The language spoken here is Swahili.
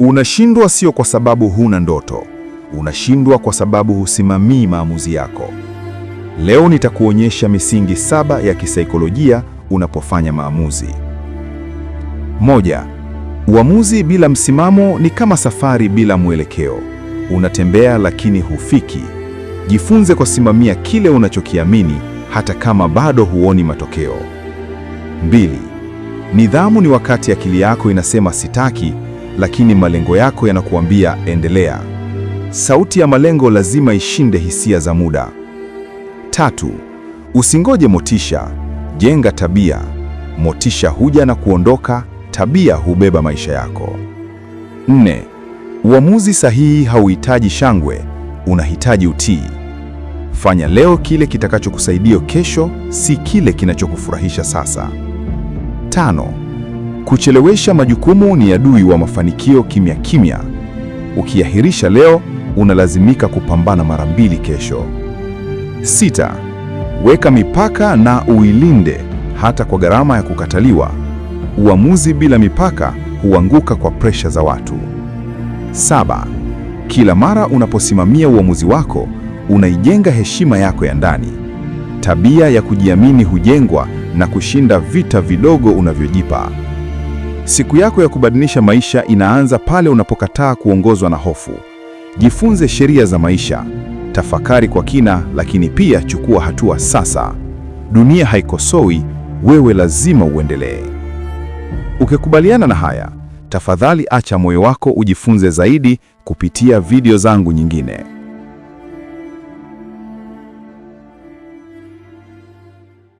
Unashindwa sio kwa sababu huna ndoto, unashindwa kwa sababu husimamii maamuzi yako. Leo nitakuonyesha misingi saba ya kisaikolojia unapofanya maamuzi. Moja, uamuzi bila msimamo ni kama safari bila mwelekeo. Unatembea lakini hufiki. Jifunze kusimamia kile unachokiamini hata kama bado huoni matokeo. Mbili, nidhamu ni wakati akili yako inasema sitaki lakini malengo yako yanakuambia endelea. Sauti ya malengo lazima ishinde hisia za muda. Tatu, usingoje motisha, jenga tabia. Motisha huja na kuondoka, tabia hubeba maisha yako. Nne, uamuzi sahihi hauhitaji shangwe, unahitaji utii. Fanya leo kile kitakachokusaidia kesho, si kile kinachokufurahisha sasa. Tano, Kuchelewesha majukumu ni adui wa mafanikio kimya kimya. Ukiahirisha leo, unalazimika kupambana mara mbili kesho. Sita, weka mipaka na uilinde hata kwa gharama ya kukataliwa. Uamuzi bila mipaka huanguka kwa presha za watu. Saba, kila mara unaposimamia uamuzi wako, unaijenga heshima yako ya ndani. Tabia ya kujiamini hujengwa na kushinda vita vidogo unavyojipa. Siku yako ya kubadilisha maisha inaanza pale unapokataa kuongozwa na hofu. Jifunze sheria za maisha, tafakari kwa kina, lakini pia chukua hatua sasa. Dunia haikosoi, wewe lazima uendelee. Ukikubaliana na haya, tafadhali acha moyo wako ujifunze zaidi kupitia video zangu nyingine.